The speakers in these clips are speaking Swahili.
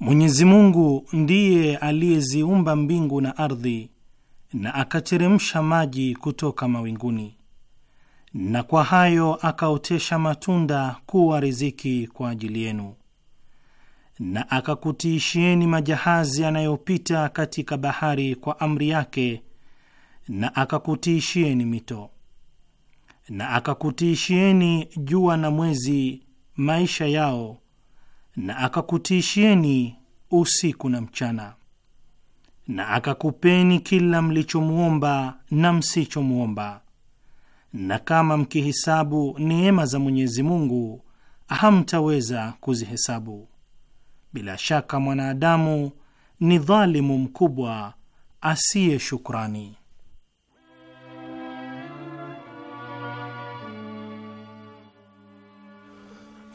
Mwenyezi Mungu ndiye aliyeziumba mbingu na ardhi na akateremsha maji kutoka mawinguni na kwa hayo akaotesha matunda kuwa riziki kwa ajili yenu na akakutiishieni majahazi yanayopita katika bahari kwa amri yake na akakutiishieni mito na akakutiishieni jua na mwezi maisha yao na akakutishieni usiku na mchana, na akakupeni kila mlichomwomba na msichomwomba, na kama mkihesabu neema za Mwenyezi Mungu hamtaweza kuzihesabu. Bila shaka mwanadamu ni dhalimu mkubwa asiye shukrani.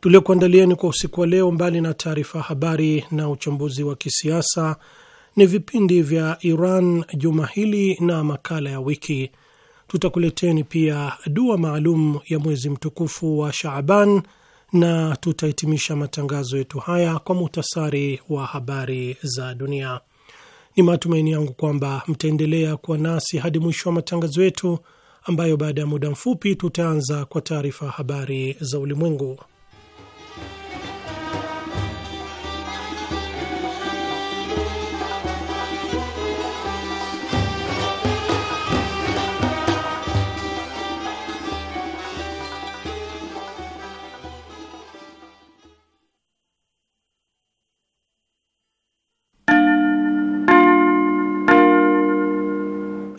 tuliokuandalieni kwa usiku wa leo, mbali na taarifa habari na uchambuzi wa kisiasa, ni vipindi vya Iran juma hili na makala ya wiki. Tutakuleteni pia dua maalum ya mwezi mtukufu wa Shaaban na tutahitimisha matangazo yetu haya kwa muhtasari wa habari za dunia. Ni matumaini yangu kwamba mtaendelea kuwa nasi hadi mwisho wa matangazo yetu, ambayo baada ya muda mfupi tutaanza kwa taarifa habari za ulimwengu.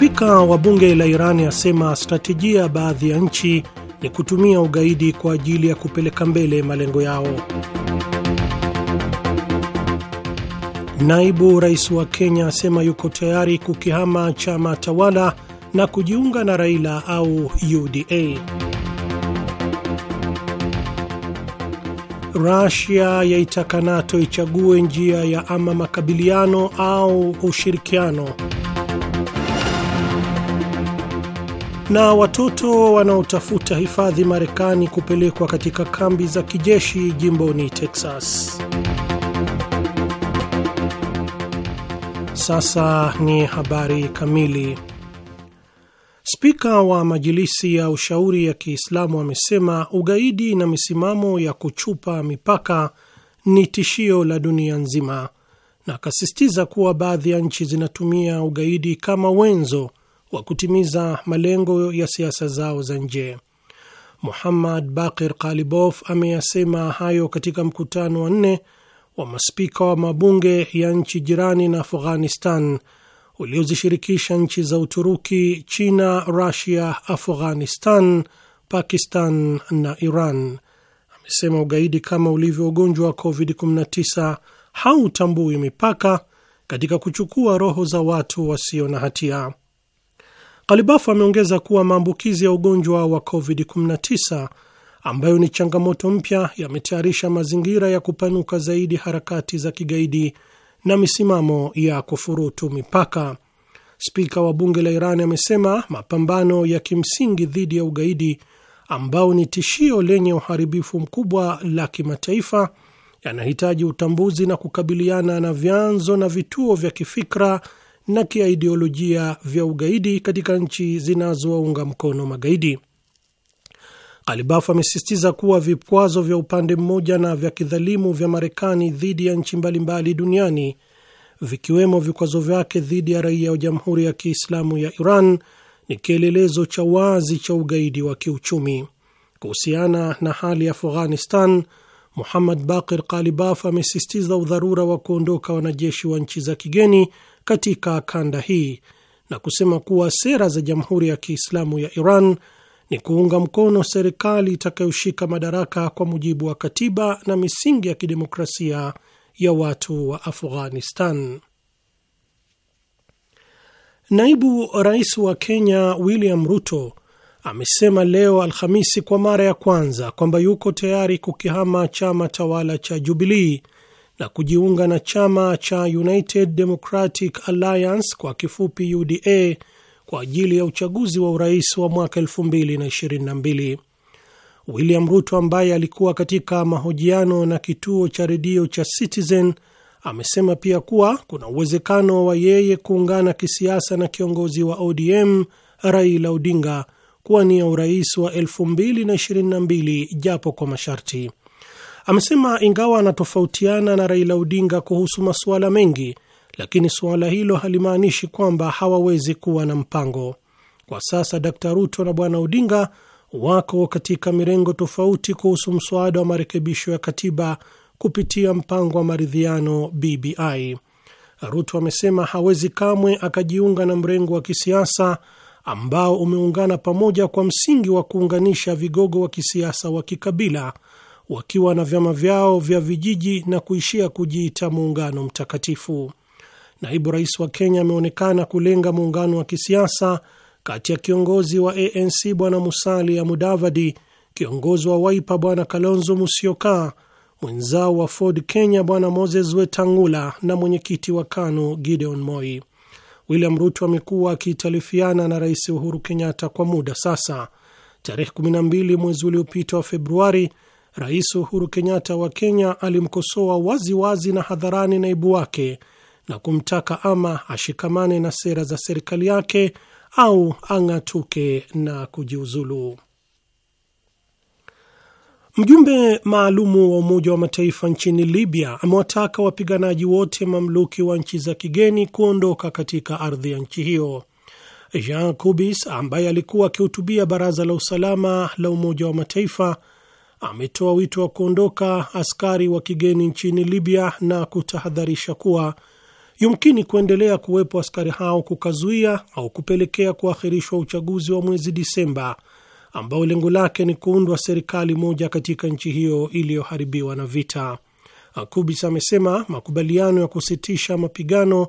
Spika wa bunge la Irani asema stratejia baadhi ya nchi ni kutumia ugaidi kwa ajili ya kupeleka mbele malengo yao. Naibu rais wa Kenya asema yuko tayari kukihama chama tawala na kujiunga na Raila au UDA. rasia yaitaka NATO ichague njia ya ama makabiliano au ushirikiano. Na watoto wanaotafuta hifadhi Marekani kupelekwa katika kambi za kijeshi jimboni Texas. Sasa ni habari kamili. Spika wa Majilisi ya Ushauri ya Kiislamu amesema ugaidi na misimamo ya kuchupa mipaka ni tishio la dunia nzima, na akasisitiza kuwa baadhi ya nchi zinatumia ugaidi kama wenzo wa kutimiza malengo ya siasa zao za nje. Muhammad Bakir Kalibof ameyasema hayo katika mkutano wa nne wa maspika wa mabunge ya nchi jirani na Afghanistan uliozishirikisha nchi za Uturuki, China, Rusia, Afghanistan, Pakistan na Iran. Amesema ugaidi kama ulivyo ugonjwa wa COVID-19 hautambui mipaka katika kuchukua roho za watu wasio na hatia alibafu ameongeza kuwa maambukizi ya ugonjwa wa COVID-19 ambayo ni changamoto mpya yametayarisha mazingira ya kupanuka zaidi harakati za kigaidi na misimamo ya kufurutu mipaka. Spika wa bunge la Iran amesema mapambano ya kimsingi dhidi ya ugaidi ambao ni tishio lenye uharibifu mkubwa la kimataifa yanahitaji utambuzi na kukabiliana na vyanzo na vituo vya kifikra na kiaidiolojia vya ugaidi katika nchi zinazowaunga mkono magaidi. Kalibaf amesisitiza kuwa vikwazo vya upande mmoja na vya kidhalimu vya Marekani dhidi ya nchi mbalimbali duniani vikiwemo vikwazo vyake dhidi ya raia wa Jamhuri ya Kiislamu ya Iran ni kielelezo cha wazi cha ugaidi wa kiuchumi. Kuhusiana na hali ya Afghanistan, Muhammad Bakir Kalibaf amesisitiza udharura wa kuondoka wanajeshi wa nchi za kigeni katika kanda hii na kusema kuwa sera za Jamhuri ya Kiislamu ya Iran ni kuunga mkono serikali itakayoshika madaraka kwa mujibu wa katiba na misingi ya kidemokrasia ya watu wa Afghanistan. Naibu Rais wa Kenya William Ruto amesema leo Alhamisi kwa mara ya kwanza kwamba yuko tayari kukihama chama tawala cha Jubilii na kujiunga na chama cha United Democratic Alliance kwa kifupi UDA kwa ajili ya uchaguzi wa urais wa mwaka 2022. William Ruto ambaye alikuwa katika mahojiano na kituo cha redio cha Citizen amesema pia kuwa kuna uwezekano wa yeye kuungana kisiasa na kiongozi wa ODM Raila Odinga kuwania urais wa 2022 japo kwa masharti. Amesema ingawa anatofautiana na Raila Odinga kuhusu masuala mengi, lakini suala hilo halimaanishi kwamba hawawezi kuwa na mpango. Kwa sasa Dkt Ruto na Bwana Odinga wako katika mirengo tofauti kuhusu mswada wa marekebisho ya katiba kupitia mpango wa maridhiano BBI. Ruto amesema hawezi kamwe akajiunga na mrengo wa kisiasa ambao umeungana pamoja kwa msingi wa kuunganisha vigogo wa kisiasa wa kikabila wakiwa na vyama vyao vya vijiji na kuishia kujiita muungano mtakatifu. Naibu rais wa Kenya ameonekana kulenga muungano wa kisiasa kati ya kiongozi wa ANC bwana Musalia Mudavadi, kiongozi wa Waipa bwana Kalonzo Musyoka, mwenzao wa Ford Kenya bwana Moses Wetangula na mwenyekiti wa KANU Gideon Moi. William Ruto amekuwa akitalifiana na Rais Uhuru Kenyatta kwa muda sasa. Tarehe 12 mwezi uliopita wa Februari, Rais Uhuru Kenyatta wa Kenya alimkosoa waziwazi na hadharani naibu wake na kumtaka ama ashikamane na sera za serikali yake au ang'atuke na kujiuzulu. Mjumbe maalumu wa Umoja wa Mataifa nchini Libya amewataka wapiganaji wote mamluki wa nchi za kigeni kuondoka katika ardhi ya nchi hiyo. Jean Kubis ambaye alikuwa akihutubia Baraza la Usalama la Umoja wa Mataifa ametoa wito wa kuondoka askari wa kigeni nchini Libya na kutahadharisha kuwa yumkini kuendelea kuwepo askari hao kukazuia au kupelekea kuahirishwa uchaguzi wa mwezi Disemba ambao lengo lake ni kuundwa serikali moja katika nchi hiyo iliyoharibiwa na vita. Kubis amesema makubaliano ya kusitisha mapigano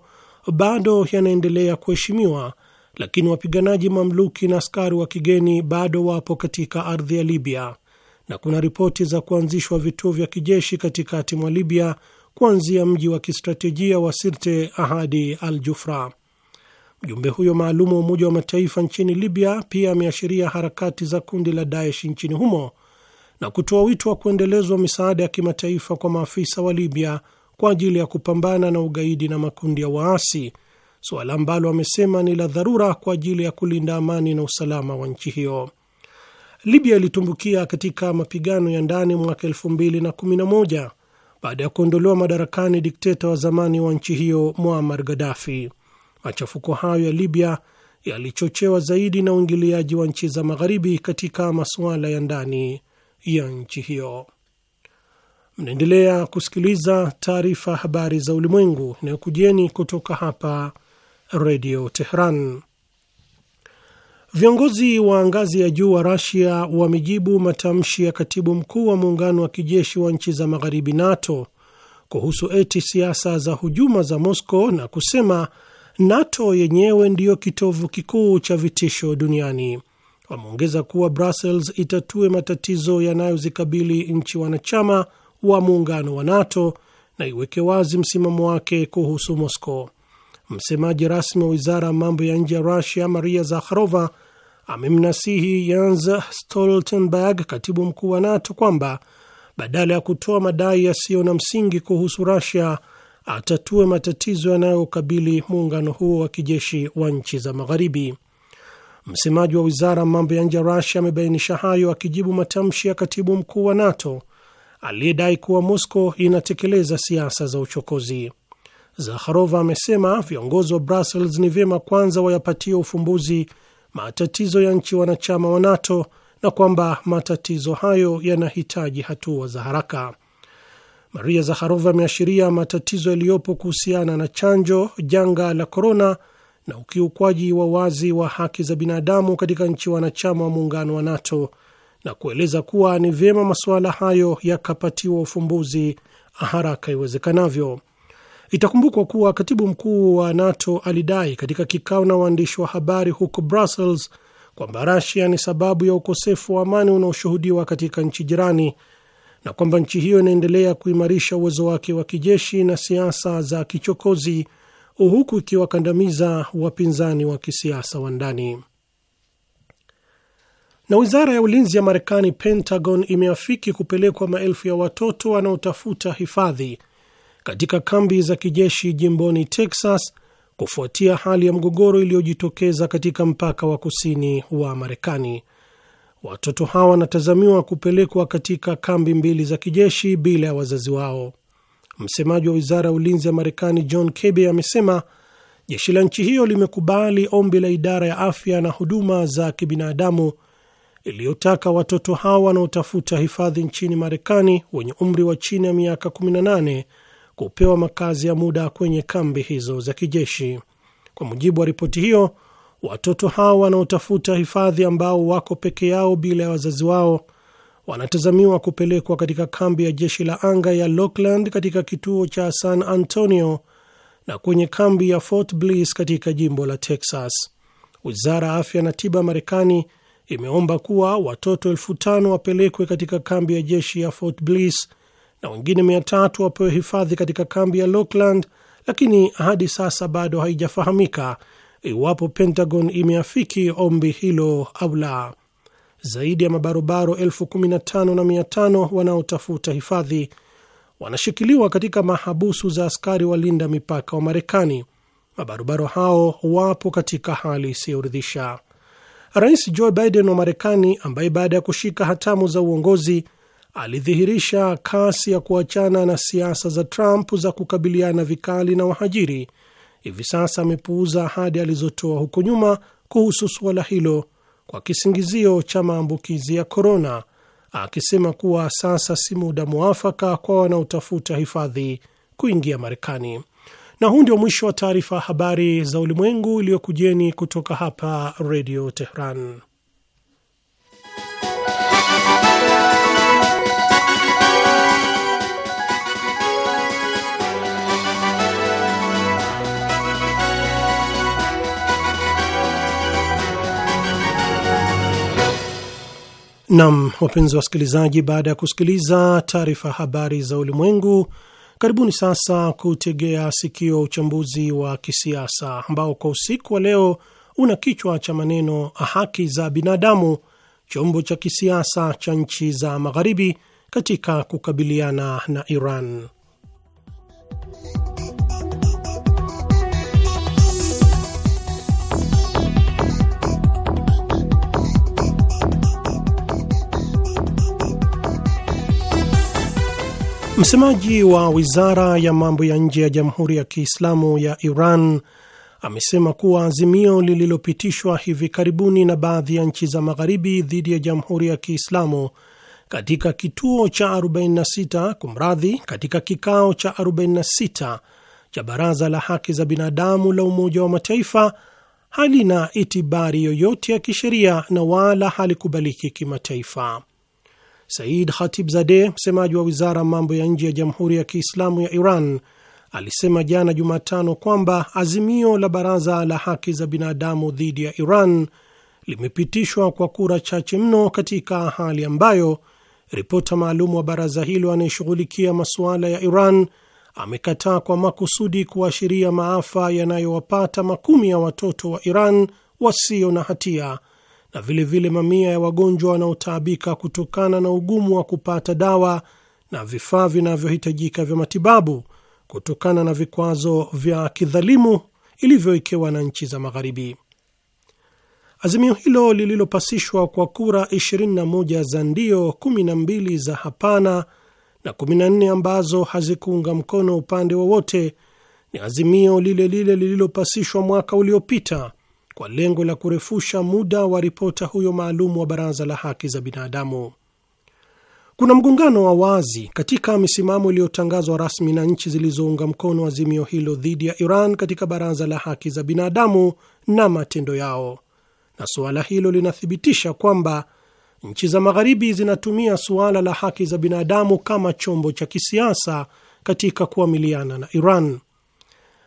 bado yanaendelea kuheshimiwa, lakini wapiganaji mamluki na askari wa kigeni bado wapo katika ardhi ya Libya na kuna ripoti za kuanzishwa vituo vya kijeshi katikati mwa Libya kuanzia mji wa kistratejia wa Sirte ahadi al Jufra. Mjumbe huyo maalum wa Umoja wa Mataifa nchini Libya pia ameashiria harakati za kundi la Daesh nchini humo na kutoa wito wa kuendelezwa misaada ya kimataifa kwa maafisa wa Libya kwa ajili ya kupambana na ugaidi na makundi ya waasi, suala ambalo amesema ni la dharura kwa ajili ya kulinda amani na usalama wa nchi hiyo. Libya ilitumbukia katika mapigano ya ndani mwaka elfu na moja baada ya kuondolewa madarakani dikteta wa zamani wa nchi hiyo Muammar Gaddafi. Machafuko hayo ya Libya yalichochewa zaidi na uingiliaji wa nchi za magharibi katika masuala ya ndani ya nchi hiyo. Mnaendelea kusikiliza taarifa habari za ulimwengu inayokujieni kutoka hapa Redio teheran Viongozi wa ngazi ya juu wa Rasia wamejibu matamshi ya katibu mkuu wa muungano wa kijeshi wa nchi za magharibi NATO kuhusu eti siasa za hujuma za mosco na kusema NATO yenyewe ndiyo kitovu kikuu cha vitisho duniani. Wameongeza kuwa Brussels itatue matatizo yanayozikabili nchi wanachama wa muungano wa NATO na iweke wazi msimamo wake kuhusu mosco Msemaji rasmi wa wizara ya mambo ya nje ya Rusia, Maria Zakharova, amemnasihi Jens Stoltenberg, katibu mkuu wa NATO, kwamba badala ya kutoa madai yasiyo na msingi kuhusu rasia atatue matatizo yanayokabili muungano huo wa kijeshi wa nchi za Magharibi. Msemaji wa wizara mambo ya nje ya rusia amebainisha hayo akijibu matamshi ya katibu mkuu wa NATO aliyedai kuwa mosco inatekeleza siasa za uchokozi. Zakharova amesema viongozi wa Brussels ni vyema kwanza wayapatie ufumbuzi matatizo ya nchi wanachama wa NATO na kwamba matatizo hayo yanahitaji hatua za haraka. Maria Zakharova ameashiria matatizo yaliyopo kuhusiana na chanjo, janga la korona na ukiukwaji wa wazi wa haki za binadamu katika nchi wanachama wa muungano wa NATO na kueleza kuwa ni vyema masuala hayo yakapatiwa ufumbuzi haraka iwezekanavyo. Itakumbukwa kuwa katibu mkuu wa NATO alidai katika kikao na waandishi wa habari huko Brussels kwamba Rasia ni sababu ya ukosefu wa amani unaoshuhudiwa katika nchi jirani na kwamba nchi hiyo inaendelea kuimarisha uwezo wake wa kijeshi na siasa za kichokozi huku ikiwakandamiza wapinzani wa kisiasa wa ndani. Na wizara ya ulinzi ya Marekani, Pentagon, imeafiki kupelekwa maelfu ya watoto wanaotafuta hifadhi katika kambi za kijeshi jimboni Texas kufuatia hali ya mgogoro iliyojitokeza katika mpaka wa kusini wa Marekani. Watoto hawa wanatazamiwa kupelekwa katika kambi mbili za kijeshi bila ya wazazi wao. Msemaji wa wizara ya ulinzi ya Marekani John Kirby amesema jeshi la nchi hiyo limekubali ombi la idara ya afya na huduma za kibinadamu iliyotaka watoto hao wanaotafuta hifadhi nchini Marekani wenye umri wa chini ya miaka 18 kupewa makazi ya muda kwenye kambi hizo za kijeshi. Kwa mujibu wa ripoti hiyo, watoto hao wanaotafuta hifadhi ambao wako peke yao bila ya wazazi wao wanatazamiwa kupelekwa katika kambi ya jeshi la anga ya Lockland katika kituo cha San Antonio na kwenye kambi ya Fort Bliss katika jimbo la Texas. Wizara ya afya na tiba Marekani imeomba kuwa watoto elfu tano wapelekwe katika kambi ya jeshi ya Fort Bliss na wengine mia tatu wapewe hifadhi katika kambi ya Lockland, lakini hadi sasa bado haijafahamika iwapo Pentagon imeafiki ombi hilo au la. Zaidi ya mabarobaro elfu kumi na tano na mia tano wanaotafuta hifadhi wanashikiliwa katika mahabusu za askari walinda mipaka wa Marekani. Mabarobaro hao wapo katika hali isiyoridhisha. Rais Joe Biden wa Marekani, ambaye baada ya kushika hatamu za uongozi alidhihirisha kasi ya kuachana na siasa za Trump za kukabiliana vikali na wahajiri, hivi sasa amepuuza ahadi alizotoa huko nyuma kuhusu suala hilo kwa kisingizio cha maambukizi ya korona, akisema kuwa sasa si muda mwafaka kwa wanaotafuta hifadhi kuingia Marekani. Na huu ndio mwisho wa taarifa ya habari za ulimwengu iliyokujeni kutoka hapa Redio Tehran. Nam, wapenzi wasikilizaji, baada ya kusikiliza taarifa habari za ulimwengu, karibuni sasa kutegea sikio uchambuzi wa kisiasa ambao kwa usiku wa leo una kichwa cha maneno haki za binadamu, chombo cha kisiasa cha nchi za magharibi katika kukabiliana na Iran. Msemaji wa wizara ya mambo ya nje ya Jamhuri ya Kiislamu ya Iran amesema kuwa azimio lililopitishwa hivi karibuni na baadhi ya nchi za Magharibi dhidi ya Jamhuri ya Kiislamu katika kituo cha 46 kumradhi, katika kikao cha 46 cha Baraza la Haki za Binadamu la Umoja wa Mataifa halina itibari yoyote ya kisheria na wala halikubaliki kimataifa. Said Khatibzadeh, msemaji wa wizara ya mambo ya nje ya Jamhuri ya Kiislamu ya Iran, alisema jana Jumatano kwamba azimio la Baraza la Haki za Binadamu dhidi ya Iran limepitishwa kwa kura chache mno katika hali ambayo ripota maalum wa baraza hilo anayeshughulikia masuala ya Iran amekataa kwa makusudi kuashiria maafa yanayowapata makumi ya watoto wa Iran wasio na hatia na vilevile vile mamia ya wagonjwa wanaotaabika kutokana na ugumu wa kupata dawa na vifaa vinavyohitajika vya matibabu kutokana na vikwazo vya kidhalimu ilivyowekewa na nchi za Magharibi. Azimio hilo lililopasishwa kwa kura 21 za ndio, 12 za hapana na 14 ambazo hazikuunga mkono upande wowote, ni azimio lile lile lililopasishwa mwaka uliopita kwa lengo la kurefusha muda wa ripota huyo maalum wa Baraza la Haki za Binadamu. Kuna mgongano wa wazi katika misimamo iliyotangazwa rasmi na nchi zilizounga mkono azimio hilo dhidi ya Iran katika Baraza la Haki za Binadamu na matendo yao, na suala hilo linathibitisha kwamba nchi za Magharibi zinatumia suala la haki za binadamu kama chombo cha kisiasa katika kuamiliana na Iran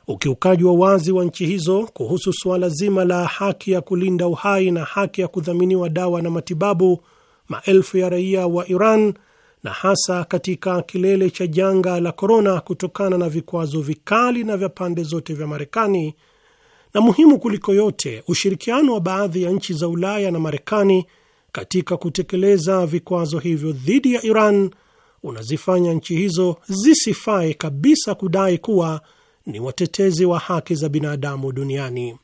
ukiukaji wa wazi wa nchi hizo kuhusu suala zima la haki ya kulinda uhai na haki ya kudhaminiwa dawa na matibabu, maelfu ya raia wa Iran na hasa katika kilele cha janga la korona, kutokana na vikwazo vikali na vya pande zote vya Marekani, na muhimu kuliko yote, ushirikiano wa baadhi ya nchi za Ulaya na Marekani katika kutekeleza vikwazo hivyo dhidi ya Iran unazifanya nchi hizo zisifae kabisa kudai kuwa ni watetezi wa haki za binadamu duniani.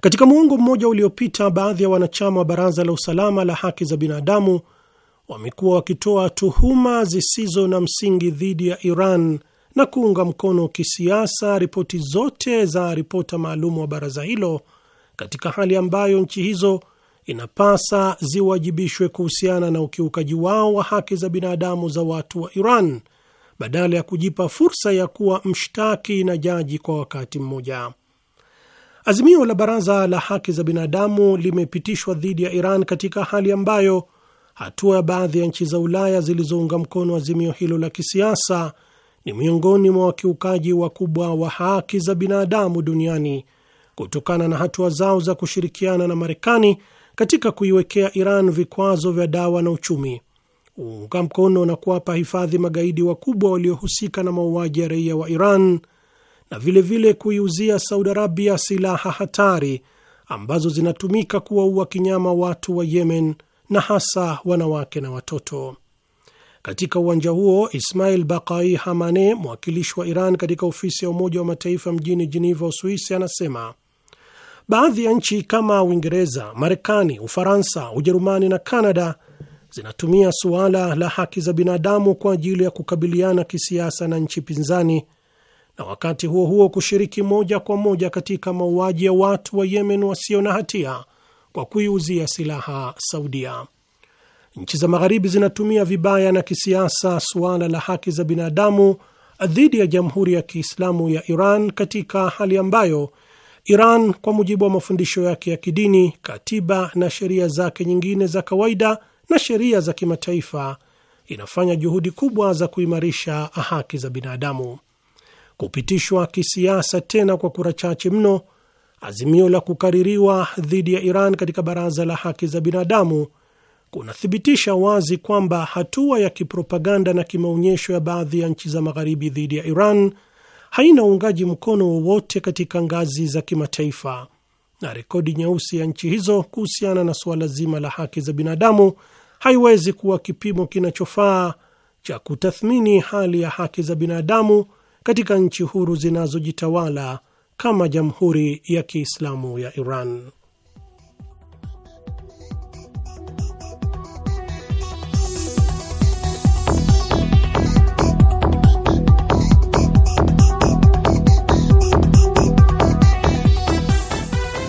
Katika muongo mmoja uliopita, baadhi ya wanachama wa Baraza la Usalama la Haki za Binadamu wamekuwa wakitoa tuhuma zisizo na msingi dhidi ya Iran na kuunga mkono kisiasa ripoti zote za ripota maalum wa baraza hilo, katika hali ambayo nchi hizo inapasa ziwajibishwe kuhusiana na ukiukaji wao wa haki za binadamu za watu wa Iran badala ya kujipa fursa ya kuwa mshtaki na jaji kwa wakati mmoja. Azimio la Baraza la Haki za Binadamu limepitishwa dhidi ya Iran katika hali ambayo hatua ya baadhi ya nchi za Ulaya zilizounga mkono azimio hilo la kisiasa ni miongoni mwa wakiukaji wakubwa wa haki za binadamu duniani kutokana na hatua zao za kushirikiana na Marekani katika kuiwekea Iran vikwazo vya dawa na uchumi uunga mkono na kuwapa hifadhi magaidi wakubwa waliohusika na mauaji ya raia wa Iran na vilevile kuiuzia Saudi Arabia silaha hatari ambazo zinatumika kuwaua kinyama watu wa Yemen na hasa wanawake na watoto. Katika uwanja huo, Ismail Bakai Hamane, mwakilishi wa Iran katika ofisi ya Umoja wa Mataifa mjini Jeneva, Uswisi, anasema baadhi ya nchi kama Uingereza, Marekani, Ufaransa, Ujerumani na Kanada zinatumia suala la haki za binadamu kwa ajili ya kukabiliana kisiasa na nchi pinzani na wakati huo huo kushiriki moja kwa moja katika mauaji ya watu wa Yemen wasio na hatia kwa kuiuzia silaha Saudia. Nchi za Magharibi zinatumia vibaya na kisiasa suala la haki za binadamu dhidi ya Jamhuri ya Kiislamu ya Iran katika hali ambayo Iran kwa mujibu wa mafundisho yake ya kidini, katiba na sheria zake nyingine za kawaida na sheria za kimataifa inafanya juhudi kubwa za kuimarisha haki za binadamu. Kupitishwa kisiasa tena kwa kura chache mno azimio la kukaririwa dhidi ya Iran katika Baraza la Haki za Binadamu kunathibitisha wazi kwamba hatua ya kipropaganda na kimaonyesho ya baadhi ya nchi za Magharibi dhidi ya Iran haina uungaji mkono wowote katika ngazi za kimataifa, na rekodi nyeusi ya nchi hizo kuhusiana na suala zima la haki za binadamu haiwezi kuwa kipimo kinachofaa cha kutathmini hali ya haki za binadamu katika nchi huru zinazojitawala kama Jamhuri ya Kiislamu ya Iran.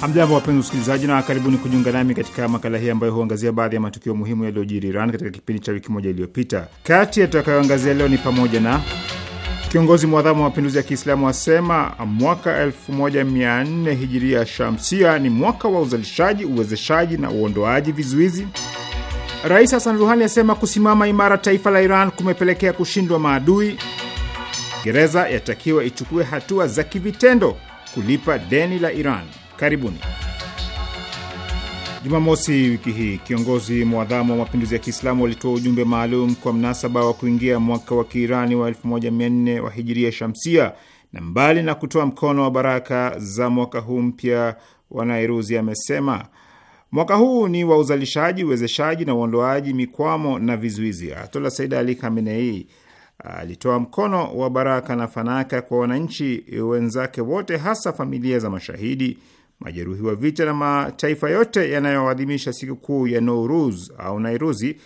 Hamjambo wapenzi usikilizaji, na karibuni kujiunga nami katika makala hii ambayo huangazia baadhi ya matukio muhimu yaliyojiri Iran katika kipindi cha wiki moja iliyopita. Kati ya tutakayoangazia leo ni pamoja na kiongozi mwadhamu wa mapinduzi ya Kiislamu asema mwaka 14 hijiria shamsia ni mwaka wa uzalishaji, uwezeshaji na uondoaji vizuizi. Rais Hasan Ruhani asema kusimama imara taifa la Iran kumepelekea kushindwa maadui. Gereza yatakiwa ichukue hatua za kivitendo kulipa deni la Iran. Karibuni. Jumamosi wiki hii kiongozi mwadhamu wa mapinduzi ya Kiislamu walitoa ujumbe maalum kwa mnasaba wa kuingia mwaka wa Kiirani wa 1400 wa hijiria shamsia, na mbali na kutoa mkono wa baraka za mwaka huu mpya wa Nairuzi, amesema mwaka huu ni wa uzalishaji, uwezeshaji na uondoaji mikwamo na vizuizi. Ayatollah saida Ali Khamenei alitoa mkono wa baraka na fanaka kwa wananchi wenzake wote, hasa familia za mashahidi majeruhi wa vita na mataifa yote yanayoadhimisha sikukuu ya Nouruz au Nairuzi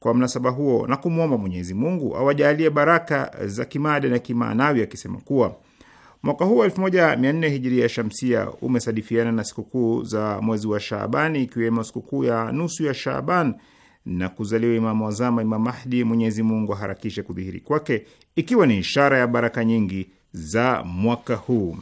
kwa mnasaba huo na kumwomba Mwenyezi Mungu awajalie baraka za kimada na kimaanawi, akisema kuwa mwaka huu 1404 hijiria shamsia umesadifiana na sikukuu za mwezi wa Shaabani, ikiwemo sikukuu ya nusu ya Shaaban na kuzaliwa Imamu wazama Imam Mahdi, Mwenyezi Mungu aharakishe kudhihiri kwake, ikiwa ni ishara ya baraka nyingi za mwaka huu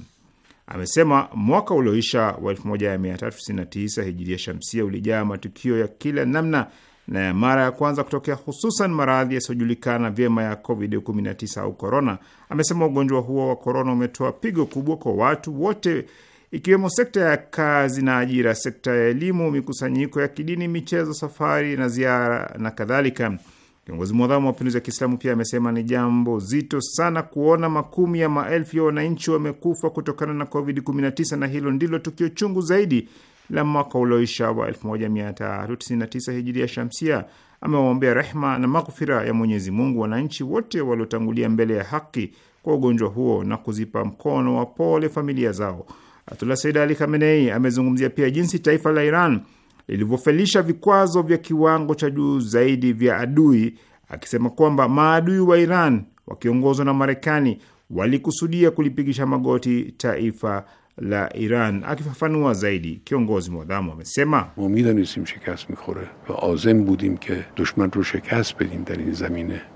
amesema mwaka ulioisha wa 1399 hijiria shamsia ulijaa matukio ya kila namna na ya mara ya kwanza kutokea, hususan maradhi yasiyojulikana vyema ya COVID-19 au korona. Amesema ugonjwa huo wa korona umetoa pigo kubwa kwa watu wote, ikiwemo sekta ya kazi na ajira, sekta ya elimu, mikusanyiko ya kidini, michezo, safari na ziara na kadhalika. Kiongozi mwadhamu wa mapinduzi ya Kiislamu pia amesema ni jambo zito sana kuona makumi ya maelfu ya wananchi wamekufa kutokana na COVID-19 na hilo ndilo tukio chungu zaidi la mwaka ulioisha wa 1399 hijiri ya shamsia. Amewaombea rehma na maghfira ya Mwenyezi Mungu wananchi wote waliotangulia mbele ya haki kwa ugonjwa huo na kuzipa mkono wa pole familia zao. Atula Said Ali Khamenei amezungumzia pia jinsi taifa la Iran lilivyofelisha vikwazo vya kiwango cha juu zaidi vya adui, akisema kwamba maadui wa Iran wakiongozwa na Marekani walikusudia kulipigisha magoti taifa la Iran. Akifafanua zaidi, kiongozi mwadhamu amesema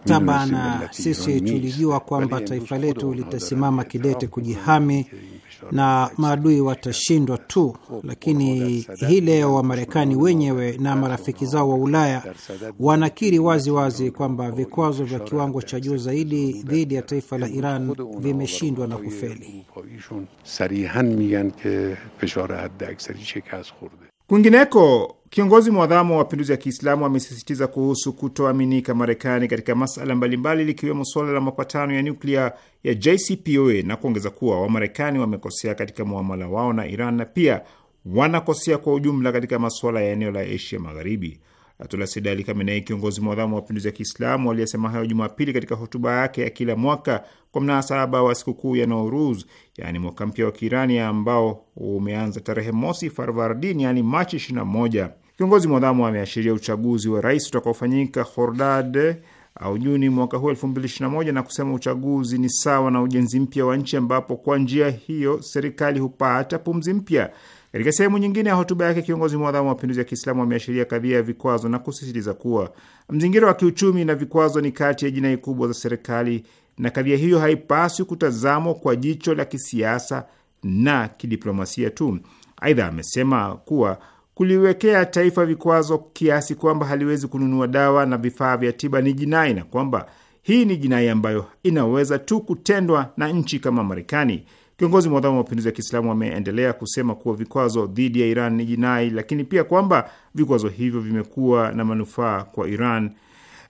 tabana, sisi tulijua kwamba taifa letu litasimama kidete kujihami na maadui watashindwa tu, lakini hii leo Wamarekani wenyewe na marafiki zao wa Ulaya wanakiri wazi wazi kwamba vikwazo vya kiwango cha juu zaidi dhidi ya taifa la Iran vimeshindwa na kufeli. Kwingineko, kiongozi mwadhamu wa mapinduzi ya Kiislamu amesisitiza kuhusu kutoaminika Marekani katika masala mbalimbali likiwemo suala la mapatano ya nyuklia ya JCPOA na kuongeza kuwa Wamarekani wamekosea katika muamala wao na Iran na pia wanakosea kwa ujumla katika masuala ya eneo la Asia Magharibi. Ayatollah Said Ali Khamenei, kiongozi mwadhamu wa mapinduzi ya Kiislamu, aliyesema hayo Jumapili katika hotuba yake ya kila mwaka kwa mnasaba wa sikukuu ya Nauruz, yaani mwaka mpya wa Kiirani ambao umeanza tarehe mosi Farvardin, yaani Machi 21. Kiongozi mwadhamu ameashiria uchaguzi wa rais utakaofanyika Hordad au Juni mwaka huu moja na kusema uchaguzi ni sawa na ujenzi mpya wa nchi, ambapo kwa njia hiyo serikali hupata pumzi mpya. Katika sehemu nyingine ya hotuba yake, kiongozi mwadhamu wa mapinduzi ya Kiislamu ameashiria kadhia ya vikwazo na kusisitiza kuwa mzingira wa kiuchumi na vikwazo ni kati ya jinai kubwa za serikali na kadhia hiyo haipaswi kutazamwa kwa jicho la kisiasa na kidiplomasia tu. Aidha, amesema kuwa kuliwekea taifa vikwazo kiasi kwamba haliwezi kununua dawa na vifaa vya tiba ni jinai na kwamba hii ni jinai ambayo inaweza tu kutendwa na nchi kama Marekani. Kiongozi mwadhamu wa mapinduzi ya Kiislamu ameendelea kusema kuwa vikwazo dhidi ya Iran ni jinai, lakini pia kwamba vikwazo hivyo vimekuwa na manufaa kwa Iran,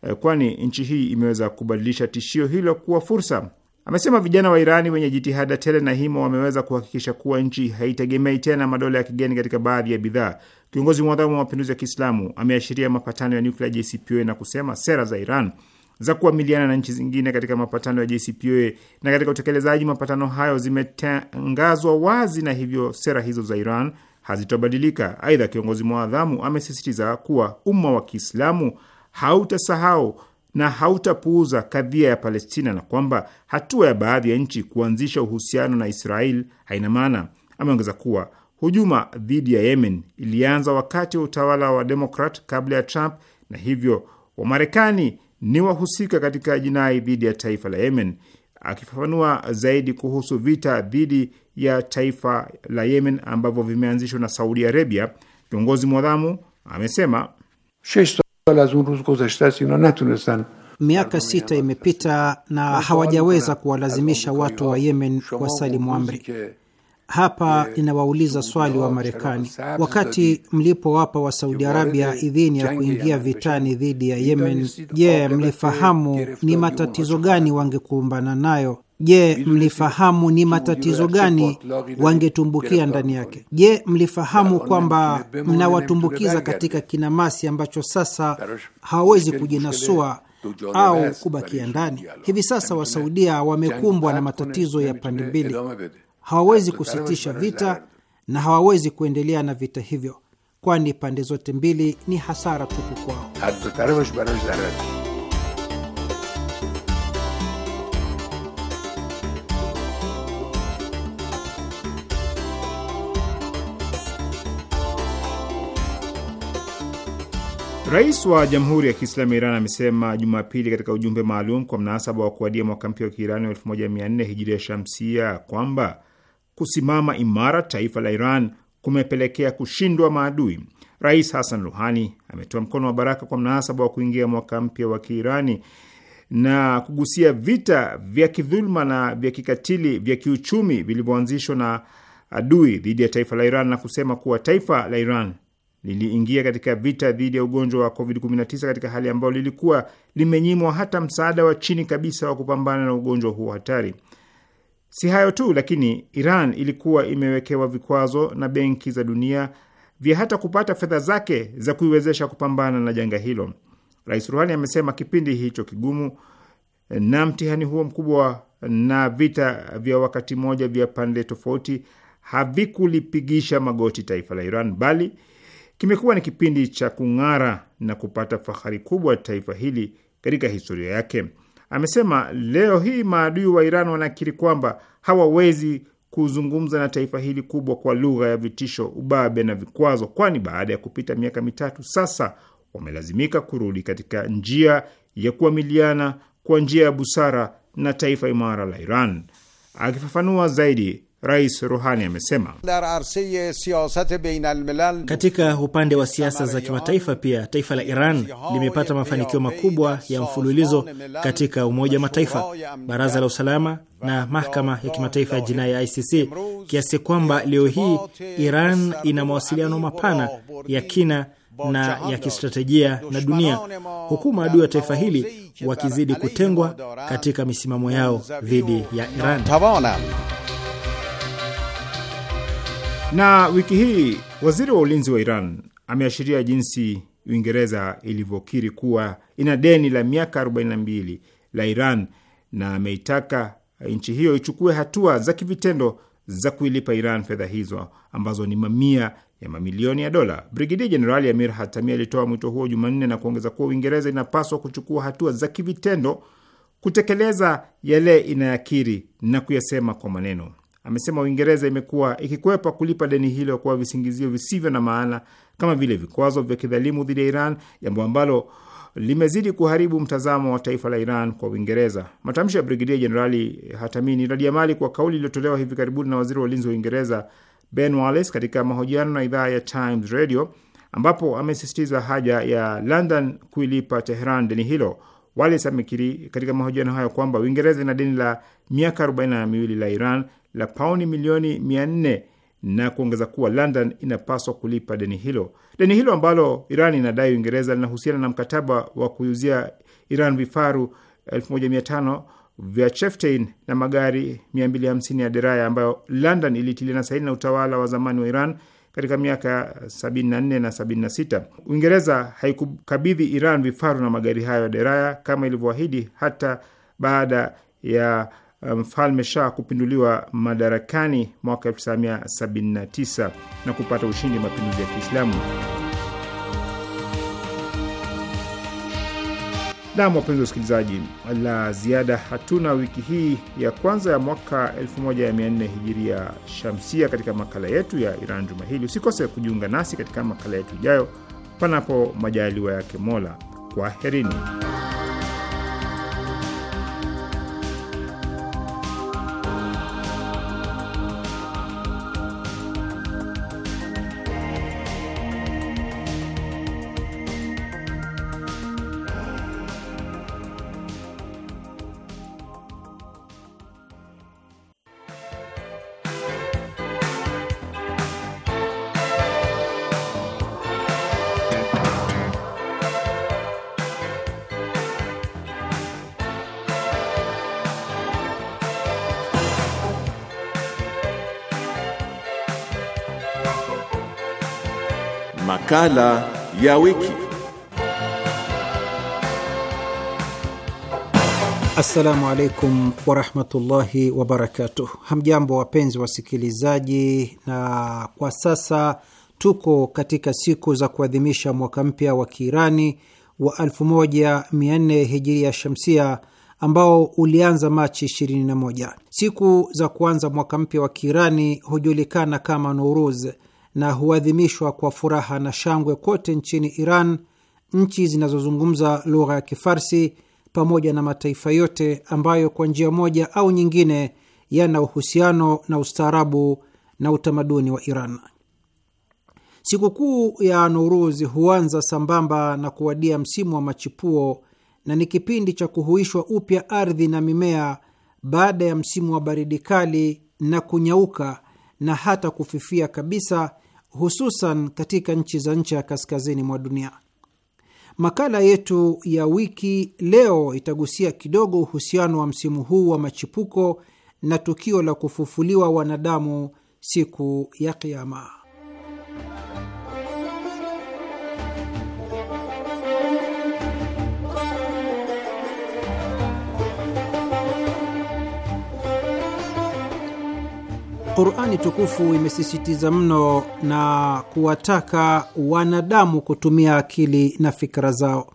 eh, kwani nchi hii imeweza kubadilisha tishio hilo kuwa fursa. Amesema vijana wa Irani wenye jitihada tele na himo wameweza kuhakikisha kuwa nchi haitegemei tena madola ya kigeni katika baadhi ya bidhaa. Kiongozi mwadhamu wa mapinduzi ya Kiislamu ameashiria mapatano ya nuklia JCPOA na kusema sera za Iran za kuamiliana na nchi zingine katika mapatano ya JCPOA na katika utekelezaji mapatano hayo zimetangazwa wazi, na hivyo sera hizo za Iran hazitobadilika Aidha, kiongozi mwadhamu amesisitiza kuwa umma wa Kiislamu hautasahau na hautapuuza kadhia ya Palestina na kwamba hatua ya baadhi ya nchi kuanzisha uhusiano na Israel haina maana. Ameongeza kuwa hujuma dhidi ya Yemen ilianza wakati wa utawala wa Demokrat kabla ya Trump, na hivyo Wamarekani ni wahusika katika jinai dhidi ya taifa la Yemen. Akifafanua zaidi kuhusu vita dhidi ya taifa la Yemen ambavyo vimeanzishwa na Saudi Arabia, kiongozi mwadhamu amesema miaka sita imepita na hawajaweza kuwalazimisha watu wa Yemen wasalimu amri. Hapa inawauliza swali wa Marekani, wakati mlipowapa wa Saudi Arabia idhini ya kuingia vitani dhidi ya Yemen, je, mlifahamu ni matatizo gani wangekumbana nayo? Je, mlifahamu ni matatizo gani wangetumbukia ndani yake? Je, mlifahamu kwamba mnawatumbukiza katika kinamasi ambacho sasa hawawezi kujinasua au kubakia ndani? Hivi sasa wasaudia wamekumbwa na matatizo ya pande mbili hawawezi kusitisha vita na hawawezi kuendelea na vita hivyo, kwani pande zote mbili ni hasara tupu kwao. Rais wa Jamhuri ya Kiislamu ya Iran amesema Jumapili katika ujumbe maalum kwa mnasaba wa kuadia mwaka mpya wa Kiirani wa 1404 hijiria shamsia kwamba kusimama imara taifa la Iran kumepelekea kushindwa maadui. Rais Hassan Ruhani ametoa mkono wa baraka kwa mnasaba wa kuingia mwaka mpya wa Kiirani na kugusia vita vya kidhuluma na vya kikatili vya kiuchumi vilivyoanzishwa na adui dhidi ya taifa la Iran na kusema kuwa taifa la Iran liliingia katika vita dhidi ya ugonjwa wa COVID-19 katika hali ambayo lilikuwa limenyimwa hata msaada wa chini kabisa wa kupambana na ugonjwa huo hatari. Si hayo tu, lakini Iran ilikuwa imewekewa vikwazo na benki za dunia vya hata kupata fedha zake za kuiwezesha kupambana na janga hilo. Rais Ruhani amesema kipindi hicho kigumu na mtihani huo mkubwa na vita vya wakati mmoja vya pande tofauti havikulipigisha magoti taifa la Iran, bali kimekuwa ni kipindi cha kung'ara na kupata fahari kubwa taifa hili katika historia yake amesema leo hii maadui wa Iran wanakiri kwamba hawawezi kuzungumza na taifa hili kubwa kwa lugha ya vitisho, ubabe na vikwazo, kwani baada ya kupita miaka mitatu sasa wamelazimika kurudi katika njia ya kuamiliana kwa njia ya busara na taifa imara la Iran. Akifafanua zaidi, Rais Ruhani amesema e katika upande wa siasa za kimataifa pia taifa la Iran limepata mafanikio makubwa ya mfululizo katika Umoja wa Mataifa, Baraza la Usalama na Mahakama ya Kimataifa ya Jinai ya ICC, kiasi kwamba leo hii Iran ina mawasiliano mapana ya kina na ya kistratejia na dunia, huku maadui ya taifa hili wakizidi kutengwa katika misimamo yao dhidi ya Iran. Na wiki hii waziri wa ulinzi wa Iran ameashiria jinsi Uingereza ilivyokiri kuwa ina deni la miaka 42 la Iran na ameitaka nchi hiyo ichukue hatua za kivitendo za kuilipa Iran fedha hizo ambazo ni mamia ya mamilioni ya dola. Brigedia Jenerali Amir Hatami alitoa mwito huo Jumanne na kuongeza kuwa Uingereza inapaswa kuchukua hatua za kivitendo kutekeleza yale inayakiri na kuyasema kwa maneno amesema Uingereza imekuwa ikikwepa kulipa deni hilo kwa visingizio visivyo na maana kama vile vikwazo vya kidhalimu dhidi ya Iran, jambo ambalo limezidi kuharibu mtazamo wa taifa la Iran kwa Uingereza. Matamshi ya Brigedia Jenerali Hatami ni mali kwa kauli iliyotolewa hivi karibuni na waziri wa ulinzi wa Uingereza Ben Wallace katika mahojiano na idhaa ya Times Radio, ambapo amesisitiza haja ya London kuilipa Teheran deni hilo. Wallace amekiri katika mahojiano hayo kwamba Uingereza ina deni la miaka arobaini na miwili la Iran la pauni milioni mia nne na kuongeza kuwa London inapaswa kulipa deni hilo. Deni hilo ambalo Iran inadai Uingereza linahusiana na mkataba wa kuuzia Iran vifaru 1500 vya Cheftain na magari 250 ya deraya ambayo London ilitiliana saini na utawala wa zamani wa Iran katika miaka ya 74 na 76. Uingereza haikukabidhi Iran vifaru na magari hayo ya deraya kama ilivyoahidi hata baada ya Um, mfalme Shah kupinduliwa madarakani mwaka 1979 na kupata ushindi mapinduzi ya Kiislamu. Nam, wapenzi wa usikilizaji, la ziada hatuna wiki hii ya kwanza ya mwaka 1404 hijiria shamsia katika makala yetu ya Iran juma hili. Usikose kujiunga nasi katika makala yetu ijayo, panapo majaliwa yake Mola. Kwaherini. makala ya wiki. Assalamu alaikum warahmatullahi wabarakatuh. Hamjambo wapenzi wasikilizaji, na kwa sasa tuko katika siku za kuadhimisha mwaka mpya wa Kiirani wa 1404 hijiria shamsia ambao ulianza Machi 21. Siku za kuanza mwaka mpya wa Kiirani hujulikana kama Nuruz na huadhimishwa kwa furaha na shangwe kote nchini Iran, nchi zinazozungumza lugha ya Kifarsi pamoja na mataifa yote ambayo kwa njia moja au nyingine yana uhusiano na ustaarabu na utamaduni wa Iran. Sikukuu ya Nouruzi huanza sambamba na kuwadia msimu wa machipuo na ni kipindi cha kuhuishwa upya ardhi na mimea baada ya msimu wa baridi kali na kunyauka na hata kufifia kabisa hususan katika nchi za ncha ya kaskazini mwa dunia. Makala yetu ya wiki leo itagusia kidogo uhusiano wa msimu huu wa machipuko na tukio la kufufuliwa wanadamu siku ya Kiama. Qurani tukufu imesisitiza mno na kuwataka wanadamu kutumia akili na fikra zao.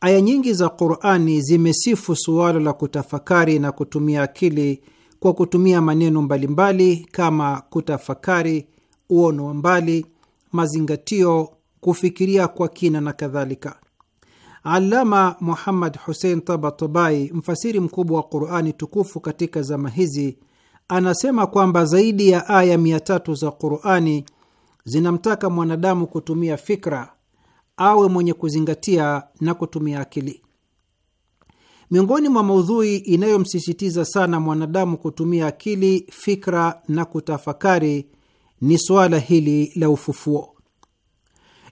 Aya nyingi za Qurani zimesifu suala la kutafakari na kutumia akili kwa kutumia maneno mbalimbali kama kutafakari, uono wa mbali, mazingatio, kufikiria kwa kina na kadhalika. Alama Muhammad Hussein Tabatabai, mfasiri mkubwa wa Qurani tukufu katika zama hizi anasema kwamba zaidi ya aya mia tatu za Qurani zinamtaka mwanadamu kutumia fikra, awe mwenye kuzingatia na kutumia akili. Miongoni mwa maudhui inayomsisitiza sana mwanadamu kutumia akili, fikra na kutafakari ni suala hili la ufufuo.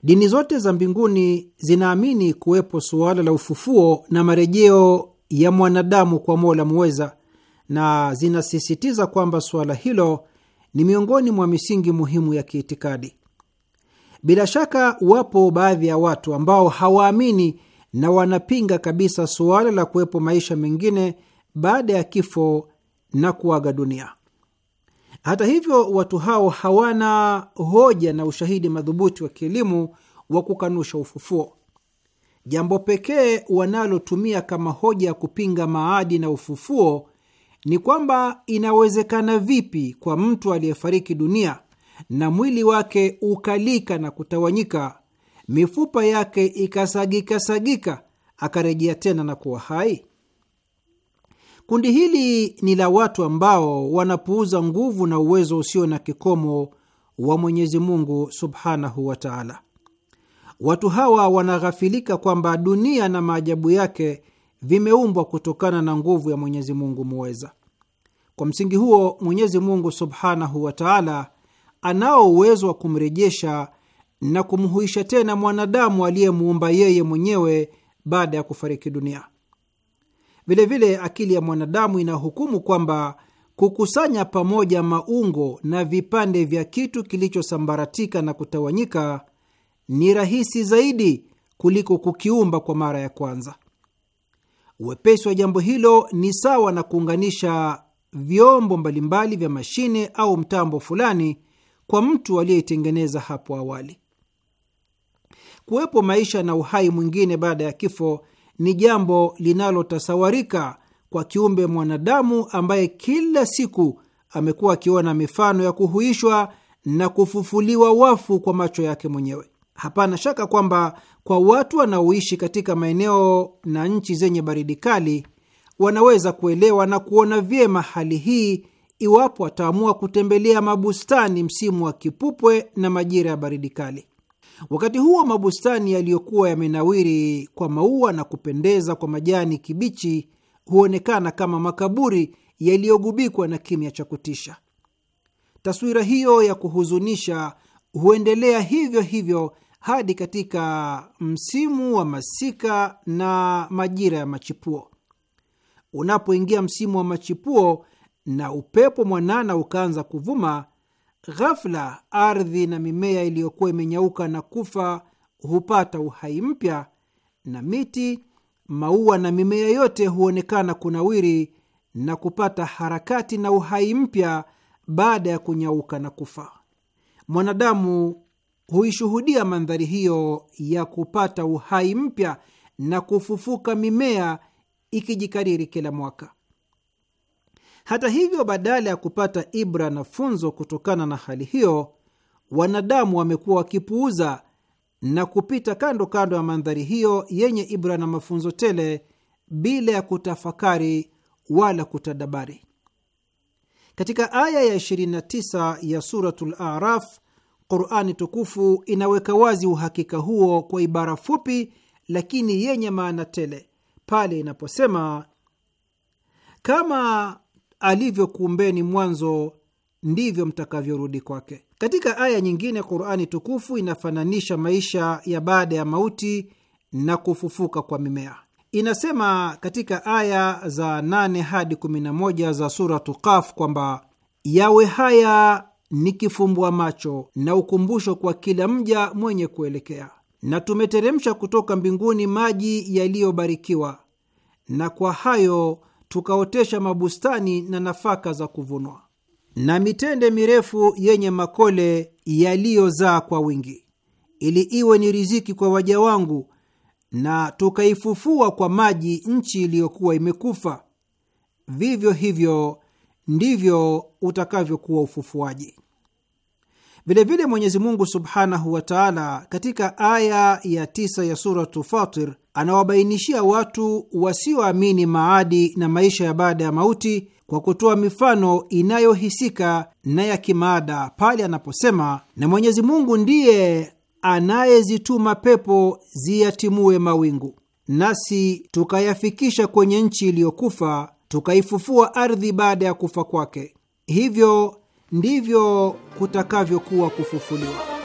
Dini zote za mbinguni zinaamini kuwepo suala la ufufuo na marejeo ya mwanadamu kwa Mola Muweza, na zinasisitiza kwamba suala hilo ni miongoni mwa misingi muhimu ya kiitikadi. Bila shaka, wapo baadhi ya watu ambao hawaamini na wanapinga kabisa suala la kuwepo maisha mengine baada ya kifo na kuaga dunia. Hata hivyo, watu hao hawana hoja na ushahidi madhubuti wa kielimu wa kukanusha ufufuo. Jambo pekee wanalotumia kama hoja ya kupinga maadi na ufufuo ni kwamba inawezekana vipi kwa mtu aliyefariki dunia na mwili wake ukalika na kutawanyika, mifupa yake ikasagikasagika, akarejea tena na kuwa hai? Kundi hili ni la watu ambao wanapuuza nguvu na uwezo usio na kikomo wa Mwenyezi Mungu subhanahu wa taala. Watu hawa wanaghafilika kwamba dunia na maajabu yake vimeumbwa kutokana na nguvu ya Mwenyezi Mungu muweza. Kwa msingi huo, Mwenyezi Mungu subhanahu wa taala anao uwezo wa kumrejesha na kumhuisha tena mwanadamu aliyemuumba yeye mwenyewe baada ya kufariki dunia. Vilevile, akili ya mwanadamu inahukumu kwamba kukusanya pamoja maungo na vipande vya kitu kilichosambaratika na kutawanyika ni rahisi zaidi kuliko kukiumba kwa mara ya kwanza. Uwepesi wa jambo hilo ni sawa na kuunganisha vyombo mbalimbali vya mashine au mtambo fulani kwa mtu aliyeitengeneza hapo awali. Kuwepo maisha na uhai mwingine baada ya kifo ni jambo linalotasawarika kwa kiumbe mwanadamu ambaye kila siku amekuwa akiona mifano ya kuhuishwa na kufufuliwa wafu kwa macho yake mwenyewe. Hapana shaka kwamba kwa watu wanaoishi katika maeneo na nchi zenye baridi kali wanaweza kuelewa na kuona vyema hali hii iwapo wataamua kutembelea mabustani msimu wa kipupwe na majira ya baridi kali. Wakati huo mabustani yaliyokuwa yamenawiri kwa maua na kupendeza kwa majani kibichi huonekana kama makaburi yaliyogubikwa na kimya cha kutisha. Taswira hiyo ya kuhuzunisha huendelea hivyo hivyo hadi katika msimu wa masika na majira ya machipuo. Unapoingia msimu wa machipuo na upepo mwanana ukaanza kuvuma, ghafla ardhi na mimea iliyokuwa imenyauka na kufa hupata uhai mpya, na miti, maua na mimea yote huonekana kunawiri na kupata harakati na uhai mpya baada ya kunyauka na kufa. Mwanadamu huishuhudia mandhari hiyo ya kupata uhai mpya na kufufuka mimea ikijikariri kila mwaka. Hata hivyo, badala ya kupata ibra na funzo kutokana na hali hiyo, wanadamu wamekuwa wakipuuza na kupita kando kando ya mandhari hiyo yenye ibra na mafunzo tele bila ya kutafakari wala kutadabari. Katika aya ya 29 ya Suratul Araf Qurani tukufu inaweka wazi uhakika huo kwa ibara fupi lakini yenye maana tele pale inaposema, kama alivyokuumbeni mwanzo ndivyo mtakavyorudi kwake. Katika aya nyingine, Qurani tukufu inafananisha maisha ya baada ya mauti na kufufuka kwa mimea. Inasema katika aya za 8 hadi 11 za Suratu Kaf kwamba yawe haya ni kifumbua macho na ukumbusho kwa kila mja mwenye kuelekea. Na tumeteremsha kutoka mbinguni maji yaliyobarikiwa, na kwa hayo tukaotesha mabustani na nafaka za kuvunwa, na mitende mirefu yenye makole yaliyozaa kwa wingi, ili iwe ni riziki kwa waja wangu. Na tukaifufua kwa maji nchi iliyokuwa imekufa. Vivyo hivyo ndivyo utakavyokuwa ufufuaji. Vilevile Mwenyezi Mungu subhanahu wa taala katika aya ya tisa ya Suratu Fatir anawabainishia watu wasioamini maadi na maisha ya baada ya mauti kwa kutoa mifano inayohisika na ya kimaada pale anaposema, na Mwenyezi Mungu ndiye anayezituma pepo ziyatimue mawingu, nasi tukayafikisha kwenye nchi iliyokufa, tukaifufua ardhi baada ya kufa kwake, hivyo ndivyo kutakavyokuwa kufufuliwa.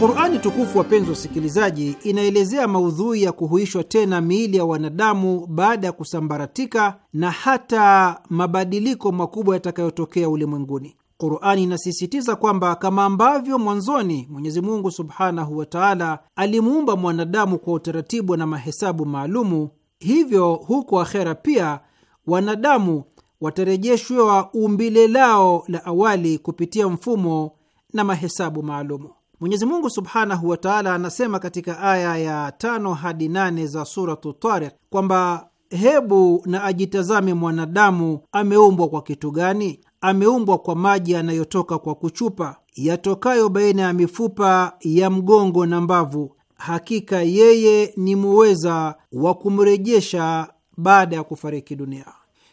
Qurani tukufu, wapenzi wasikilizaji, inaelezea maudhui ya kuhuishwa tena miili ya wanadamu baada ya kusambaratika na hata mabadiliko makubwa yatakayotokea ulimwenguni. Qurani inasisitiza kwamba kama ambavyo mwanzoni Mwenyezi Mungu subhanahu wa taala alimuumba mwanadamu kwa utaratibu na mahesabu maalumu, hivyo huko akhera pia wanadamu watarejeshwa umbile lao la awali kupitia mfumo na mahesabu maalumu. Mwenyezi Mungu subhanahu wa taala anasema katika aya ya tano hadi nane za Suratu Tariq kwamba hebu na ajitazame mwanadamu ameumbwa kwa kitu gani? ameumbwa kwa maji yanayotoka kwa kuchupa yatokayo baina ya mifupa ya mgongo na mbavu. Hakika yeye ni muweza wa kumrejesha baada ya kufariki dunia.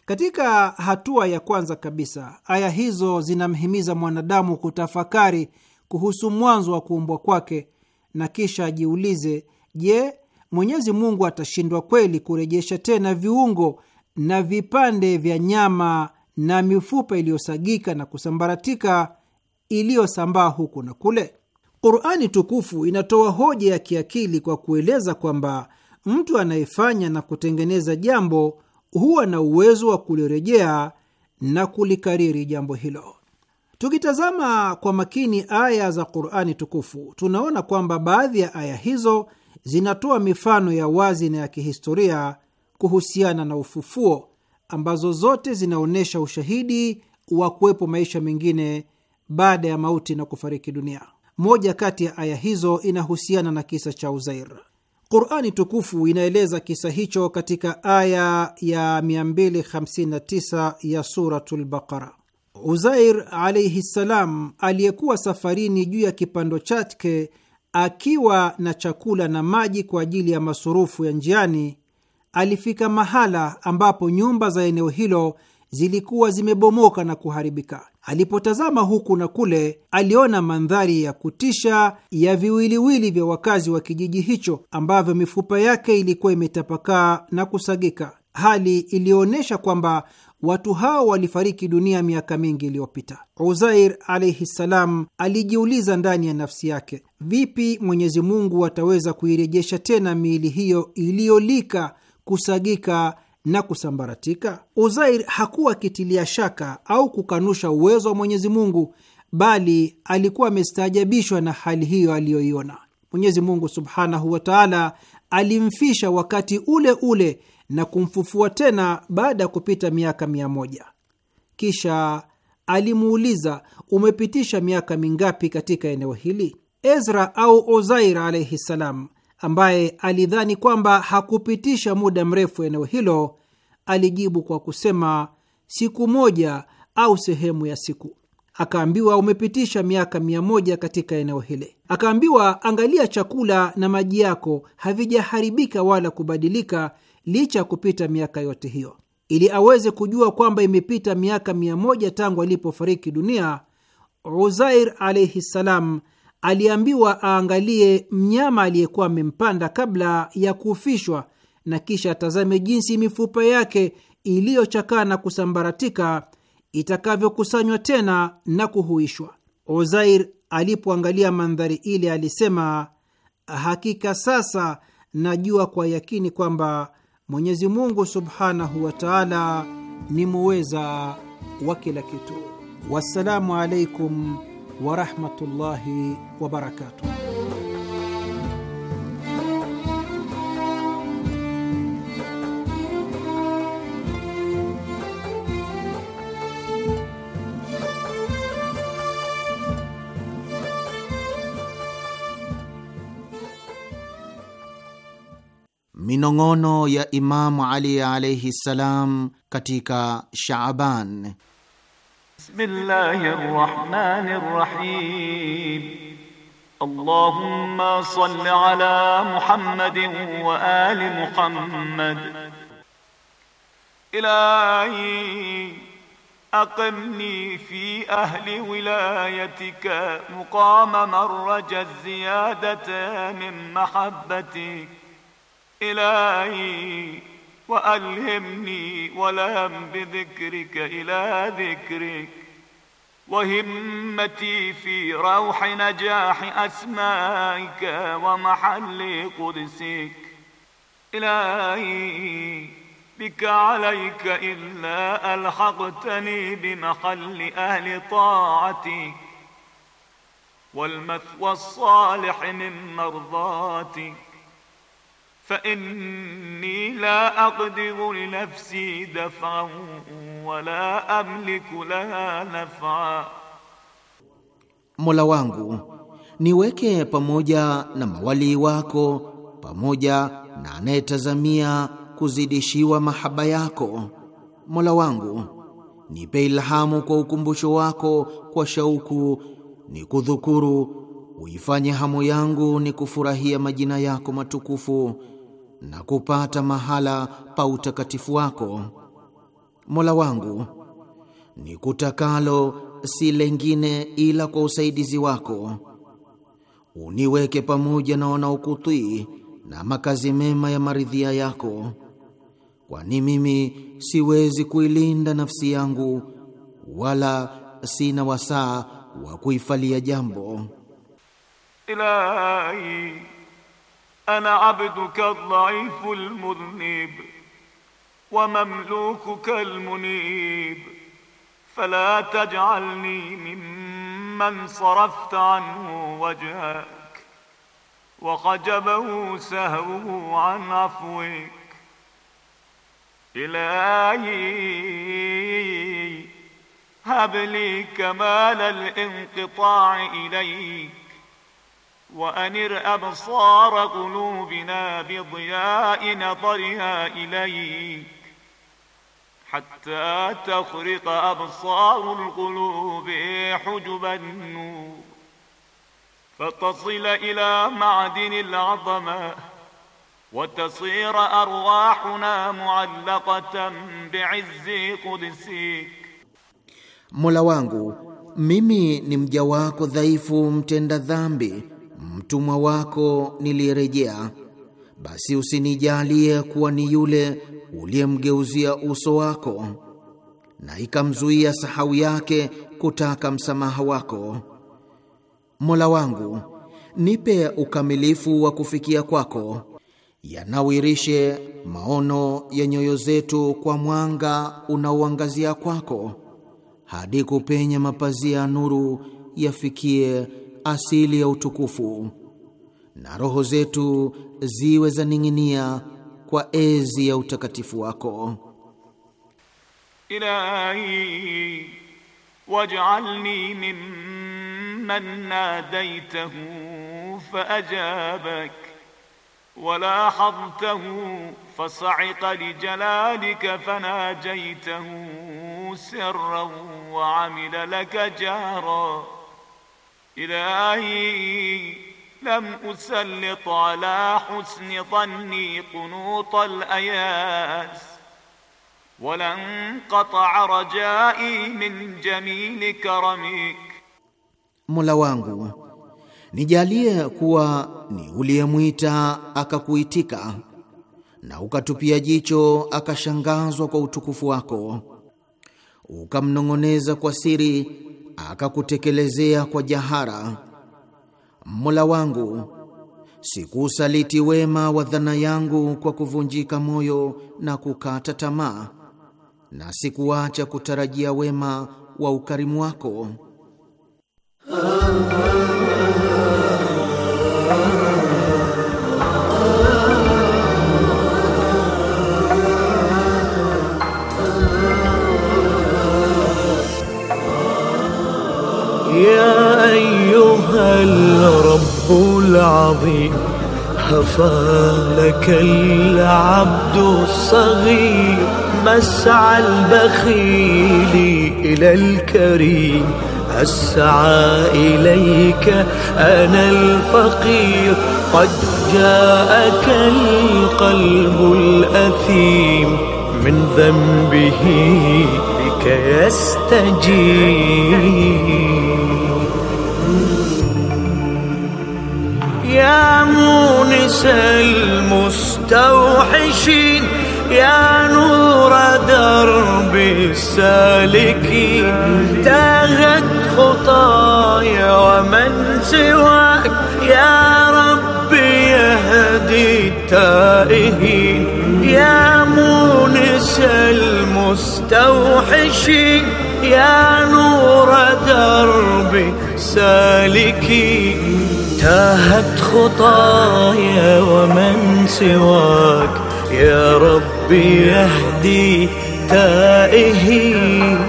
Katika hatua ya kwanza kabisa, aya hizo zinamhimiza mwanadamu kutafakari kuhusu mwanzo wa kuumbwa kwake, na kisha ajiulize, je, Mwenyezi Mungu atashindwa kweli kurejesha tena viungo na vipande vya nyama na mifupa iliyosagika na kusambaratika iliyosambaa huku na kule. Qurani tukufu inatoa hoja ya kiakili kwa kueleza kwamba mtu anayefanya na kutengeneza jambo huwa na uwezo wa kulirejea na kulikariri jambo hilo. Tukitazama kwa makini aya za Qurani tukufu, tunaona kwamba baadhi ya aya hizo zinatoa mifano ya wazi na ya kihistoria kuhusiana na ufufuo ambazo zote zinaonyesha ushahidi wa kuwepo maisha mengine baada ya mauti na kufariki dunia. Moja kati ya aya hizo inahusiana na kisa cha Uzair. Qurani tukufu inaeleza kisa hicho katika aya ya 259 ya Suratul Baqara. Uzair alaihi ssalam, aliyekuwa safarini juu ya kipando chake akiwa na chakula na maji kwa ajili ya masurufu ya njiani, alifika mahala ambapo nyumba za eneo hilo zilikuwa zimebomoka na kuharibika. Alipotazama huku na kule, aliona mandhari ya kutisha ya viwiliwili vya wakazi wa kijiji hicho ambavyo mifupa yake ilikuwa imetapakaa na kusagika, hali iliyoonyesha kwamba watu hao walifariki dunia miaka mingi iliyopita. Uzair alaihi ssalam alijiuliza ndani ya nafsi yake, vipi Mwenyezi Mungu ataweza kuirejesha tena miili hiyo iliyolika kusagika na kusambaratika? Uzair hakuwa akitilia shaka au kukanusha uwezo wa Mwenyezi Mungu, bali alikuwa amestaajabishwa na hali hiyo aliyoiona. Mwenyezi Mungu subhanahu wa taala alimfisha wakati ule ule na kumfufua tena baada ya kupita miaka mia moja. Kisha alimuuliza, umepitisha miaka mingapi katika eneo hili? Ezra au Ozair alaihi ssalam ambaye alidhani kwamba hakupitisha muda mrefu eneo hilo, alijibu kwa kusema siku moja au sehemu ya siku. Akaambiwa, umepitisha miaka mia moja katika eneo hili. Akaambiwa, angalia, chakula na maji yako havijaharibika wala kubadilika licha ya kupita miaka yote hiyo. Ili aweze kujua kwamba imepita miaka mia moja tangu alipofariki dunia, Uzair alaihi ssalam aliambiwa aangalie mnyama aliyekuwa amempanda kabla ya kuufishwa na kisha atazame jinsi mifupa yake iliyochakaa na kusambaratika itakavyokusanywa tena na kuhuishwa. Ozair alipoangalia mandhari ile alisema, hakika sasa najua kwa yakini kwamba Mwenyezi Mungu subhanahu wa taala ni muweza wa kila kitu. Wassalamu alaikum wa rahmatullahi Minong'ono ya Imamu Ali alaihi salam katika Shaaban. بسم الله الرحمن الرحيم اللهم صل على محمد وآل محمد إلهي أقمني في أهل ولايتك مقام مرج الزيادة من محبتك إلهي وألهمني ولم بذكرك إلى ذكرك وهمتي في روح نجاح أسمائك ومحل قدسك إلهي بك عليك إلا ألحقتني بمحل أهل طاعتك والمثوى الصالح من مرضاتك فإني لا أقدر لنفسي دفعا wala amliku laha naf'a, Mola wangu niweke pamoja na mawalii wako pamoja na anayetazamia kuzidishiwa mahaba yako. Mola wangu nipe ilhamu kwa ukumbusho wako, kwa shauku ni kudhukuru uifanye hamu yangu ni kufurahia majina yako matukufu na kupata mahala pa utakatifu wako. Mola wangu, ni kutakalo si lengine ila kwa usaidizi wako. Uniweke pamoja na wanaokutii na makazi mema ya maridhia yako, kwani mimi siwezi kuilinda nafsi yangu wala sina wasaa wa kuifalia jambo. Ilahi ana abduka dhaifu almudhnib ومملوكك المنيب فلا تجعلني ممن صرفت عنه وجهك وخجبه سهوه عن عفوك إلهي هب لي كمال الانقطاع إليك وأنر أبصار قلوبنا بضياء نظرها إليك hatta takhriqa absarul qulubi hujuban nur فتصل إلى معدن العظمة وتصير أرواحنا معلقة بعز qudisik, Mola wangu mimi ni mja wako dhaifu, mtenda dhambi, mtumwa wako nilirejea, basi usinijalie kuwa ni yule uliyemgeuzia uso wako na ikamzuia sahau yake kutaka msamaha wako. Mola wangu, nipe ukamilifu wa kufikia kwako, yanawirishe maono ya nyoyo zetu kwa mwanga unaoangazia kwako, hadi kupenya mapazia ya nuru yafikie asili ya utukufu, na roho zetu ziwe za ning'inia kwa enzi ya utakatifu wako. Ilahi waj'alni mimman nadaitahu faajabak wala hadtahu fasa'iqa lijalalika fanajaitahu sirran wa amila laka jahra ilahi لم أسلط على حسن ظني قنوط الأياس ولن قطع رجائي من جميل كرمك مولا Mola wangu nijalie kuwa ni uliyemwita akakuitika na ukatupia jicho akashangazwa kwa utukufu wako, ukamnong'oneza kwa siri akakutekelezea kwa jahara Mola wangu, sikuusaliti wema wa dhana yangu kwa kuvunjika moyo na kukata tamaa, na sikuacha kutarajia wema wa ukarimu wako العظيم هفا لك العبد الصغير مسعى البخيل إلى الكريم أسعى إليك أنا الفقير قد جاءك القلب الأثيم من ذنبه بك يستجيب يا مونس المستوحشين يا نور درب السالكين تاهت خطايا ومن سواك يا رب يهدي التائهين يا مونس المستوحشين يا نور درب سالكين تاهت خطايا ومن سواك يا ربي يهدي تائهين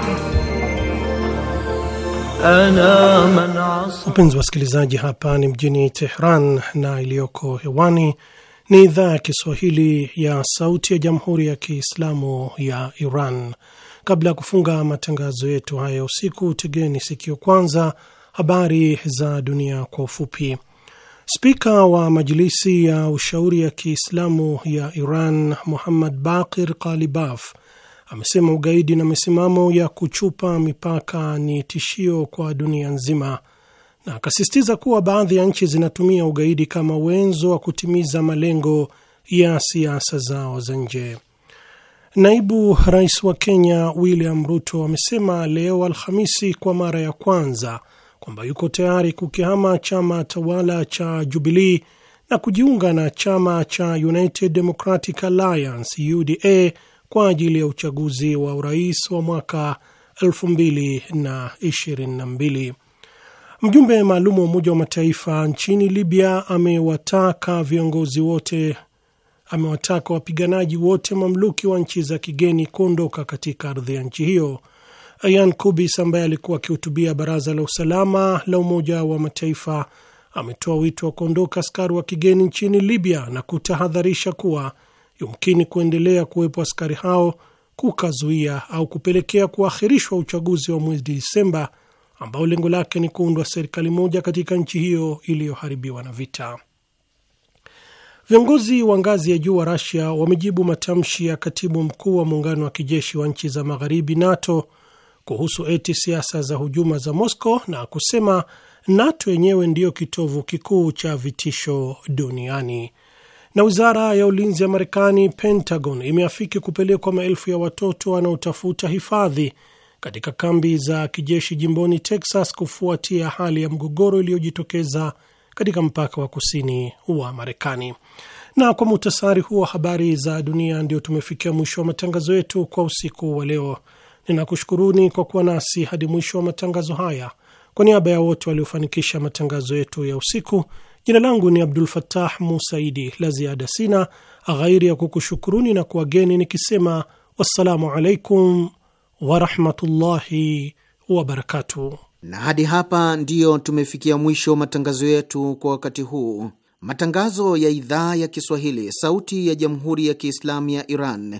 Wapenzi wasikilizaji, hapa ni mjini Tehran na iliyoko hewani ni idhaa ya Kiswahili ya Sauti ya Jamhuri ya Kiislamu ya Iran. Kabla ya kufunga matangazo yetu haya usiku, tegeni sikio kwanza Habari za dunia kwa ufupi. Spika wa Majilisi ya Ushauri ya Kiislamu ya Iran Muhammad Bakir Kalibaf amesema ugaidi na misimamo ya kuchupa mipaka ni tishio kwa dunia nzima, na akasisitiza kuwa baadhi ya nchi zinatumia ugaidi kama wenzo wa kutimiza malengo ya siasa zao za nje. Naibu rais wa Kenya William Ruto amesema leo Alhamisi kwa mara ya kwanza kwamba yuko tayari kukihama chama tawala cha jubilii na kujiunga na chama cha United Democratic Alliance UDA kwa ajili ya uchaguzi wa urais wa mwaka 2022. Mjumbe maalum wa Umoja wa Mataifa nchini Libya amewataka viongozi wote, amewataka wapiganaji wote mamluki wa nchi za kigeni kuondoka katika ardhi ya nchi hiyo Ayan Kubis ambaye alikuwa akihutubia baraza la usalama la Umoja wa Mataifa ametoa wito wa kuondoka askari wa kigeni nchini Libya na kutahadharisha kuwa yumkini kuendelea kuwepo askari hao kukazuia au kupelekea kuahirishwa uchaguzi wa mwezi Disemba ambao lengo lake ni kuundwa serikali moja katika nchi hiyo iliyoharibiwa na vita. Viongozi wa ngazi ya juu wa rasia wamejibu matamshi ya katibu mkuu wa muungano wa kijeshi wa nchi za magharibi NATO kuhusu eti siasa za hujuma za Moscow na kusema NATO yenyewe ndiyo kitovu kikuu cha vitisho duniani. Na wizara ya ulinzi ya Marekani, Pentagon, imeafiki kupelekwa maelfu ya watoto wanaotafuta hifadhi katika kambi za kijeshi jimboni Texas kufuatia hali ya mgogoro iliyojitokeza katika mpaka wa kusini wa Marekani. Na kwa muhtasari huo habari za dunia, ndio tumefikia mwisho wa matangazo yetu kwa usiku wa leo. Ninakushukuruni kwa kuwa nasi hadi mwisho wa matangazo haya. Kwa niaba ya wote waliofanikisha matangazo yetu ya usiku, jina langu ni Abdul Fattah Musaidi. La ziada sina ghairi ya kukushukuruni na kuwageni nikisema wassalamu alaikum warahmatullahi wabarakatu. Na hadi hapa ndiyo tumefikia mwisho matangazo yetu kwa wakati huu. Matangazo ya idhaa ya Kiswahili, sauti ya jamhuri ya Kiislamu ya Iran